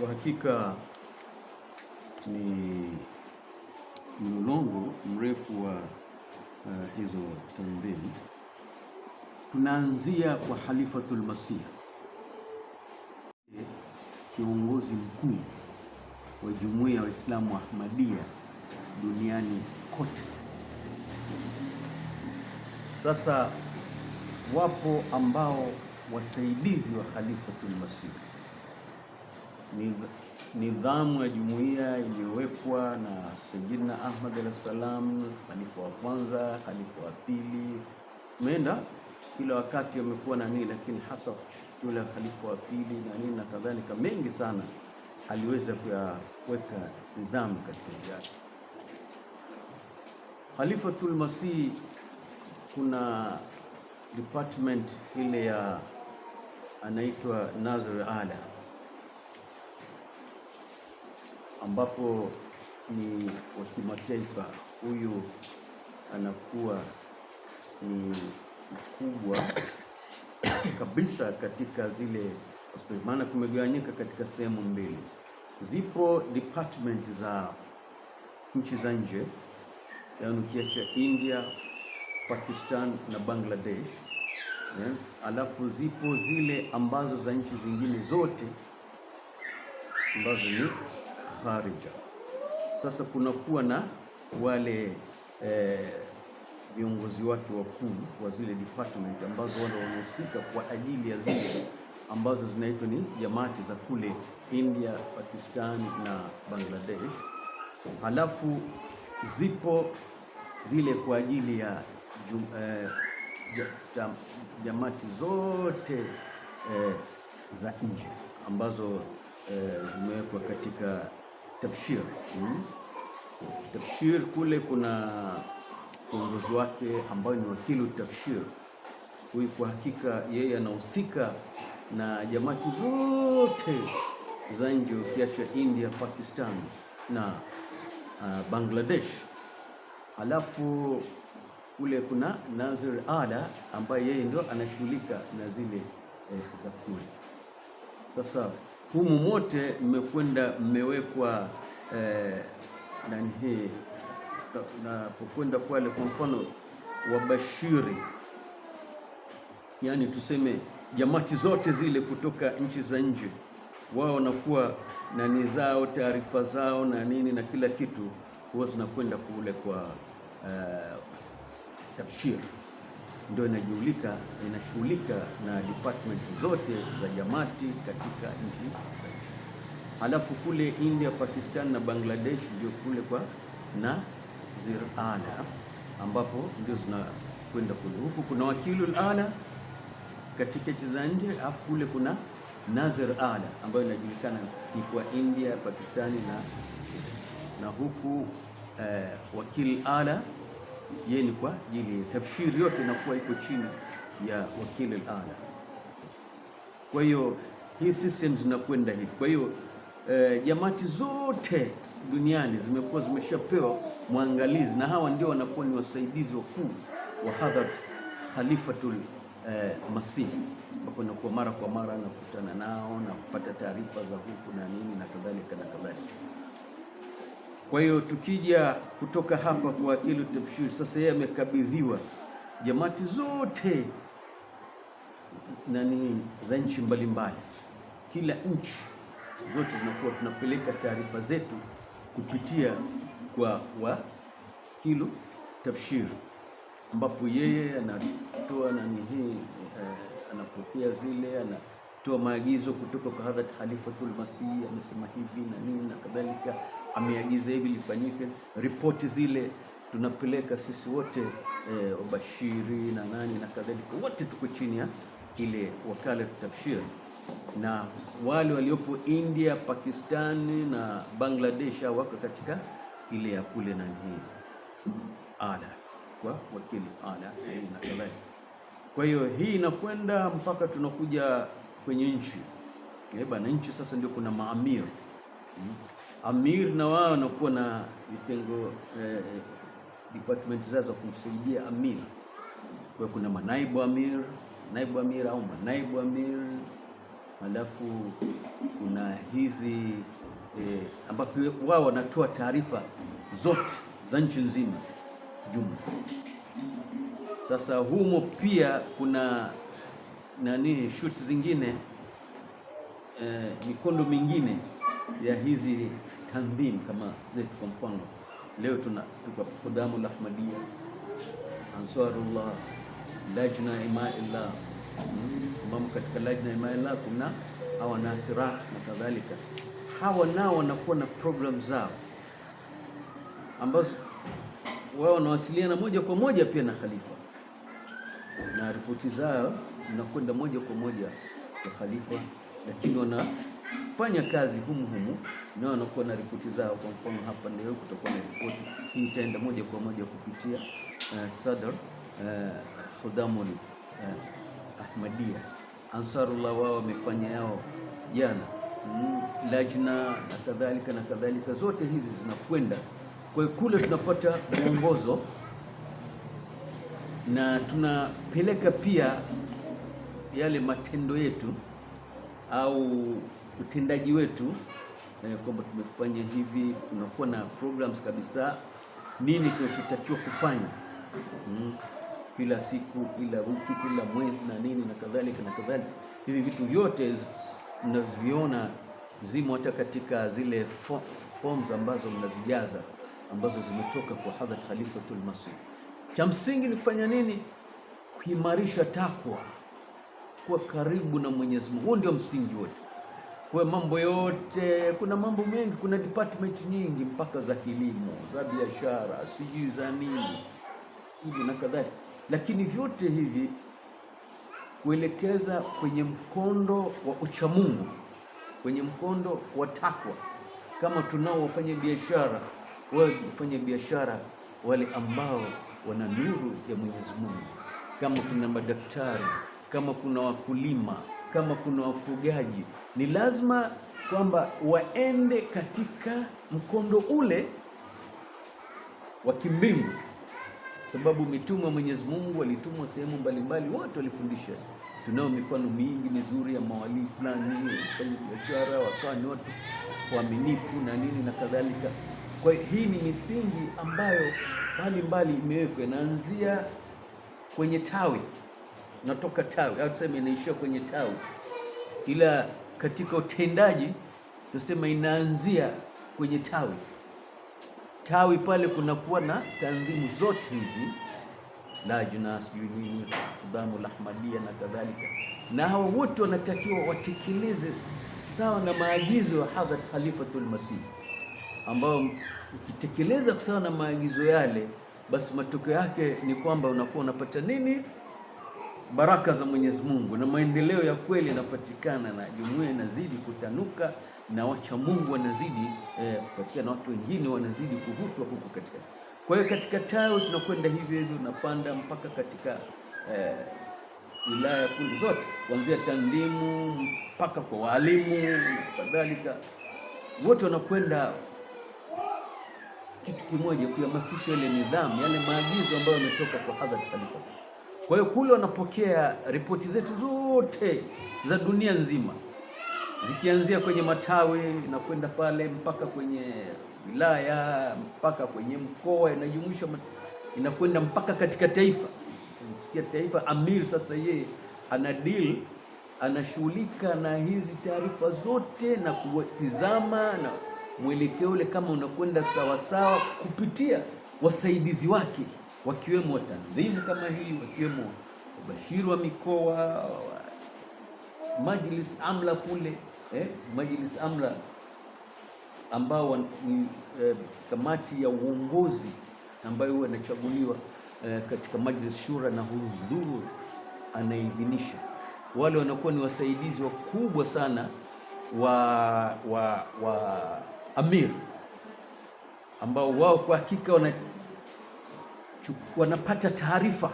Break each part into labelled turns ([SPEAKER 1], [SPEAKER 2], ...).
[SPEAKER 1] Kwa hakika ni mlolongo mrefu wa uh, hizo tanzim. Tunaanzia kwa Khalifatul Masih, kiongozi mkuu wa jumuiya ya Waislamu wa Ahmadiyya duniani kote. Sasa wapo ambao wasaidizi wa Khalifatul Masih nidhamu ya jumuiya iliyowekwa na Sayyidina Ahmad alayhi salam, khalifa wa kwanza, khalifa wa pili, umeenda kila wakati amekuwa na nini, lakini hasa yule khalifa wa pili na nini na kadhalika, mengi sana aliweza kuyaweka nidhamu katika jamii. Khalifatul Masih, kuna department ile ya anaitwa Nazr ala ambapo ni wa kimataifa. Huyu anakuwa ni mkubwa kabisa katika zile hospitali, maana kumegawanyika katika sehemu mbili. Zipo department za nchi za nje, yaani ukiacha India, Pakistan na Bangladesh yeah. Alafu zipo zile ambazo za nchi zingine zote ambazo ni kharija. Sasa kunakuwa na wale eh, viongozi wake wakuu wa zile department ambazo wale wanahusika kwa ajili ya zile ambazo zinaitwa ni jamati za kule India, Pakistan na Bangladesh. Halafu zipo zile kwa ajili ya jum, eh, jam, zote eh, za nje ambazo eh, zimewekwa katika Tabshir hmm? Tabshir kule kuna uongozi wake ambayo ni wakili Tabshir. Huyu kwa hakika yeye anahusika na jamati zote za nje ukiacha India, Pakistan na uh, Bangladesh. alafu kule kuna Nazir Ala ambaye yeye ndio anashughulika na zile eh, za kule sasa humu mote mmekwenda mmewekwa eh, nani hii napokwenda pale, kwa mfano wabashiri, yani tuseme jamati zote zile kutoka nchi za nje, wao wanakuwa nani zao taarifa zao na nini na kila kitu huwa zinakwenda kule kwa uh, tabshiri ndio inajulika inashughulika na department zote za jamati katika nchi. Halafu kule India, Pakistan na Bangladesh ndio kule kwa nazir ala ambapo ndio zinakwenda kule. Huku kuna wakilul ala katika nchi za nje, alafu kule kuna nazir ala ambayo inajulikana ni kwa India, Pakistani na na huku eh, wakil ala yeye ni kwa ajili tafsiri yote inakuwa iko chini ya wakili al-ala. Kwa hiyo hii system zinakwenda hivi. Kwa hiyo eh, jamati zote duniani zimekuwa zimeshapewa mwangalizi, na hawa ndio wanakuwa ni wasaidizi wakuu wa hadhrat Khalifatul eh, Masih, ambapo nakuwa mara kwa mara nakutana nao na kupata taarifa za huku na nini na kadhalika na kadhalika. Kwa hiyo tukija kutoka hapa kwa Wakili Tebashir, sasa yeye amekabidhiwa jamati zote nani za nchi mbalimbali, kila nchi zote zinakuwa tunapeleka taarifa zetu kupitia kwa Wakili Tebashir, ambapo yeye anatoa nani hii, eh, anapokea zile ana akitoa maagizo kutoka kwa Hadhrat Khalifatul Masih, amesema hivi na nini na kadhalika, ameagiza hivi lifanyike. Ripoti zile tunapeleka sisi wote e, eh, Ubashiri na nani na kadhalika, wote tuko chini ya ile wakala tabshir, na wale waliopo India, Pakistani na Bangladesh wako katika ile ya kule nani hii ala kwa wakili ala na kadhalika. Kwa hiyo hii inakwenda mpaka tunakuja kwenye nchi eh bana, nchi sasa ndio kuna maamir hmm. Amir na wao wanakuwa na vitengo eh, eh department zao za kumsaidia amir. Kwa kuna manaibu amir, naibu amir au manaibu amir, halafu kuna hizi eh, ambapo wao wanatoa taarifa zote za nchi nzima jumla. Sasa humo pia kuna nani shoots zingine eh, mikondo mingine ya hizi tandhim kama zetu. Kwa mfano leo tuna tuko Khudamu Lahmadia, Ansarullah, Lajna Imaillah mm, ambamo katika Lajna Imaillah kuna hawa Nasirat na kadhalika. Hawa nao wanakuwa na program zao ambazo wao wanawasiliana moja kwa moja pia na khalifa na ripoti zao mnakwenda moja kwa moja kwa khalifa, lakini wanafanya kazi humu humu na wanakuwa na ripoti zao. Kwa mfano hapa leo kutakuwa na ripoti hii, itaenda moja kwa moja kupitia uh, Sadr uh, eh, Khudamoni uh, eh, Ahmadia Ansarullah, wao wamefanya yao jana, mm, lajna na kadhalika na kadhalika, zote hizi zinakwenda kwa hiyo kule tunapata mwongozo na tunapeleka pia yale matendo yetu au utendaji wetu eh, kwamba tumefanya hivi. Unakuwa na programs kabisa, nini kinachotakiwa kufanya mm, kila siku, kila wiki, kila mwezi na nini na kadhalika na kadhalika. Hivi vitu vyote mnaviona zimo hata katika zile forms ambazo mnazijaza ambazo zimetoka kwa Hadhrat Khalifatul Masih. Cha msingi ni kufanya nini? Kuimarisha takwa kuwa karibu na Mwenyezi Mungu. Huo ndio msingi wote kwa mambo yote. Kuna mambo mengi, kuna department nyingi, mpaka za kilimo, za biashara, sijui za nini hivi na kadhalika, lakini vyote hivi kuelekeza kwenye mkondo wa uchamungu, kwenye mkondo wa takwa. Kama tunao wafanya biashara, wao wafanya biashara wale ambao wana nuru ya Mwenyezi Mungu, kama kuna madaktari kama kuna wakulima, kama kuna wafugaji, ni lazima kwamba waende katika mkondo ule wa kimbingu, sababu mitume wa Mwenyezi Mungu walitumwa sehemu mbalimbali, wote walifundisha. Tunao mifano mingi mizuri ya mawalii fulani walifanya biashara, wakawa ni watu waaminifu na nini na kadhalika. Kwa hiyo hii ni misingi ambayo mbalimbali imewekwa, inaanzia kwenye tawi natoka tawi au tuseme inaishia kwenye tawi, ila katika utendaji tunasema inaanzia kwenye tawi. Tawi pale kunakuwa na tanzimu zote hizi lajna, sijui nini, Khudamul Ahmadiyya na kadhalika, na hawa wote wanatakiwa watekeleze sawa na maagizo ya Hadhrat Khalifatul Masih, ambao ukitekeleza sawa na maagizo yale, basi matokeo yake ni kwamba unakuwa unapata nini? baraka za Mwenyezi Mungu na maendeleo ya kweli yanapatikana, na jumuiya inazidi kutanuka na wacha Mungu wanazidi eh, na watu wengine wanazidi kuvutwa huku katika. Kwa hiyo katika tawi tunakwenda hivyo hivyo, tunapanda mpaka katika eh, wilaya kundi zote kuanzia tandimu mpaka kwa walimu na kadhalika, wote wanakwenda kitu kimoja, kuhamasisha ile nidhamu, yale maagizo ambayo yametoka kwa Hadhrat Khalifa. Kwa hiyo kule wanapokea ripoti zetu zote za dunia nzima, zikianzia kwenye matawi na kwenda pale mpaka kwenye wilaya mpaka kwenye mkoa, inajumuisha inakwenda mpaka katika taifa. Sikia taifa, Amir sasa yeye ana deal anashughulika na hizi taarifa zote na kutizama na mwelekeo ule kama unakwenda sawasawa, kupitia wasaidizi wake wakiwemo tanzimu kama hii, wakiwemo wabashiri wa mikoa, majlis amla kule eh, majlis amla ambao ni eh, kamati ya uongozi ambayo wanachaguliwa eh, katika majlis shura na hudhuru anaidhinisha. Wale wanakuwa ni wasaidizi wakubwa sana wa, wa, wa amir ambao wao kwa hakika wanapata taarifa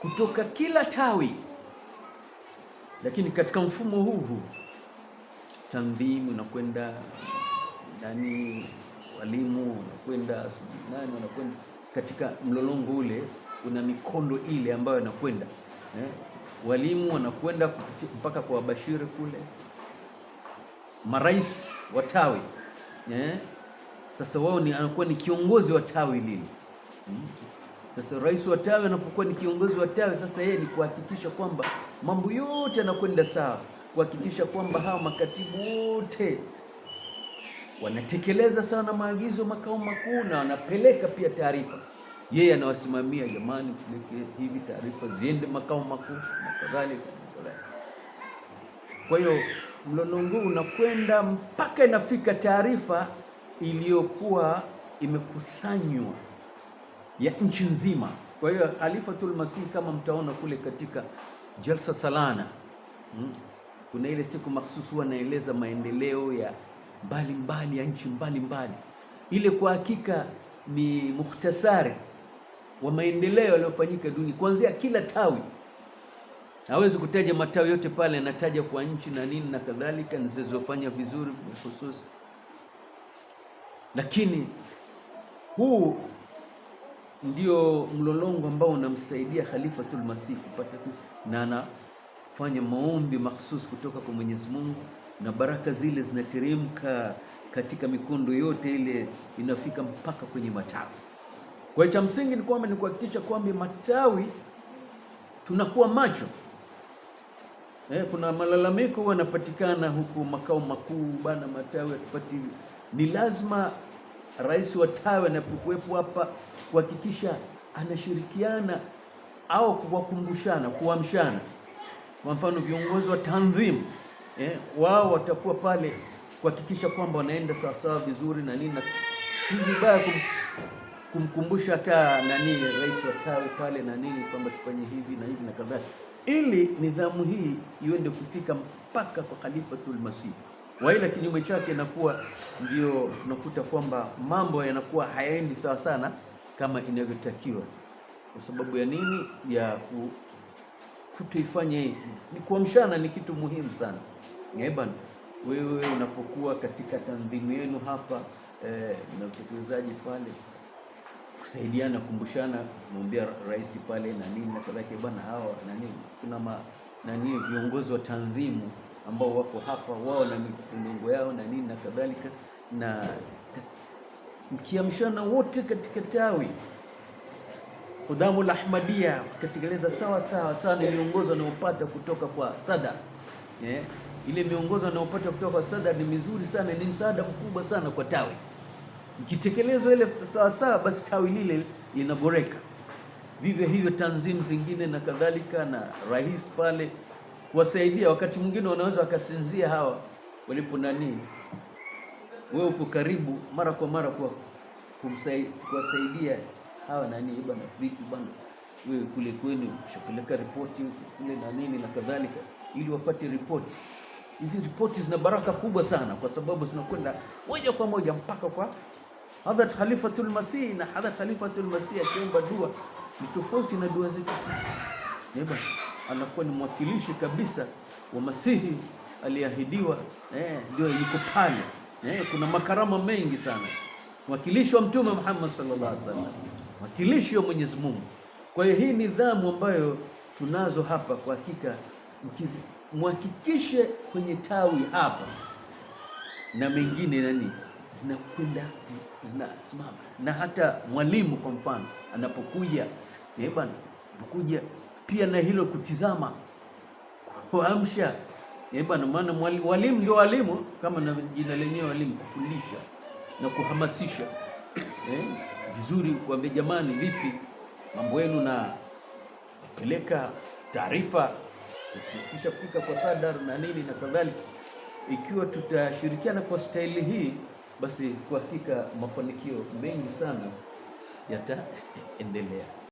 [SPEAKER 1] kutoka kila tawi, lakini katika mfumo huu huu tandhimu unakwenda ndani, walimu wanakwenda nani, wanakwenda katika mlolongo ule, una mikondo ile ambayo inakwenda eh? Walimu wanakwenda mpaka kwa wabashiri kule, marais wa tawi eh? Sasa wao ni anakuwa ni kiongozi wa tawi lile. Sasa rais wa tawi anapokuwa ni kiongozi wa tawi, sasa yeye ni kuhakikisha kwamba mambo yote yanakwenda sawa, kuhakikisha kwamba hawa makatibu wote wanatekeleza sana maagizo makao makuu na wanapeleka pia taarifa. Yeye anawasimamia, jamani, tuleke hivi taarifa ziende makao makuu na kadhalika. Kwa hiyo mlolongo unakwenda mpaka inafika taarifa iliyokuwa imekusanywa ya nchi nzima. Kwa hiyo Khalifatul Masih kama mtaona kule katika Jalsa Salana hmm, kuna ile siku mahsusi huwa naeleza maendeleo ya mbalimbali mbali, ya nchi mbalimbali. Ile kwa hakika ni mukhtasari wa maendeleo yaliyofanyika duni kuanzia kila tawi. Hawezi kutaja matawi yote pale, anataja kwa nchi na nini na kadhalika zilizofanya vizuri hususi, lakini huu ndio mlolongo ambao unamsaidia tul Masih kupata na anafanya maombi makhsus kutoka kwa Mwenyezi Mungu, na baraka zile zinateremka katika mikondo yote ile, inafika mpaka kwenye matawi. Kwa hiyo cha msingi ni kwamba ni kuhakikisha kwamba matawi tunakuwa macho. Eh, kuna malalamiko yanapatikana huku makao makuu, bana, matawi hatupati. Ni lazima rais wa tawi anapokuwepo hapa kuhakikisha anashirikiana au kuwakumbushana, kuamshana. Kwa mfano viongozi wa tanzim eh, wao watakuwa pale kuhakikisha kwamba wanaenda sawasawa vizuri na nini, na si vibaya kum, kumkumbusha hata nani rais wa tawi pale na nini kwamba tufanye hivi na hivi na kadhalika, ili nidhamu hii iende kufika mpaka kwa Khalifatul Masih. Waila kinyume chake inakuwa ndio unakuta kwamba mambo yanakuwa hayaendi sawa sana kama inavyotakiwa. Kwa sababu ya nini? Ya kutoifanya hii. Ni kuamshana ni kitu muhimu sana bana. Wewe unapokuwa katika tandhimu yenu hapa eh, na utekelezaji pale, kusaidiana, kumbushana, kumwambia rais pale na nini na kadhalika, bwana hawa na nini, kuna ma nani viongozi wa tandhimu ambao wako hapa wao na migongo yao na nini na kadhalika, na mkiamshana wote katika tawi Khudamul Ahmadiyya katekeleza sawa sawa sana miongozo anayopata kutoka kwa sada yeah. Ile miongozo anayopata kutoka kwa sada ni mizuri sana, ni msaada mkubwa sana kwa tawi. Ikitekelezwa ile sawa sawa, basi tawi lile linaboreka. Vivyo hivyo tanzimu zingine na kadhalika, na rais pale kuwasaidia. Wakati mwingine wanaweza wakasinzia hawa walipo nani, wewe uko karibu mara kwa mara kwa kuwasaidia hawa nani bana, vipi bana, wewe kule kwenu ushapeleka ripoti kule na nini na kadhalika, ili wapate ripoti hizi. Ripoti zina baraka kubwa sana, kwa sababu zinakwenda moja kwa moja mpaka kwa Hadhrat Khalifatul Masih, na Hadhrat Khalifatul Masih akiomba dua ni tofauti na dua zetu sisi anakuwa ni mwakilishi kabisa wa Masihi aliyeahidiwa, eh, ndio eh, yuko pale eh, kuna makarama mengi sana, mwakilishi wa Mtume Muhammad sallallahu alaihi wasallam, mwakilishi wa Mwenyezi Mungu. Kwa hiyo hii nidhamu ambayo tunazo hapa kwa hakika, mhakikishe kwenye tawi hapa na mengine nani zinakwenda zinasimama, na hata mwalimu kwa mfano anapokuja, eh bwana, anapokuja pia na hilo kutizama, kuamsha eh, bana. Maana walimu ndio walimu, kama na jina lenyewe walimu, kufundisha na kuhamasisha eh, vizuri. Kuambia jamani, vipi mambo yenu, na peleka taarifa, kisha kufika kwa sadar na nini na kadhalika. Ikiwa tutashirikiana kwa staili hii, basi kwa hakika mafanikio mengi sana yataendelea.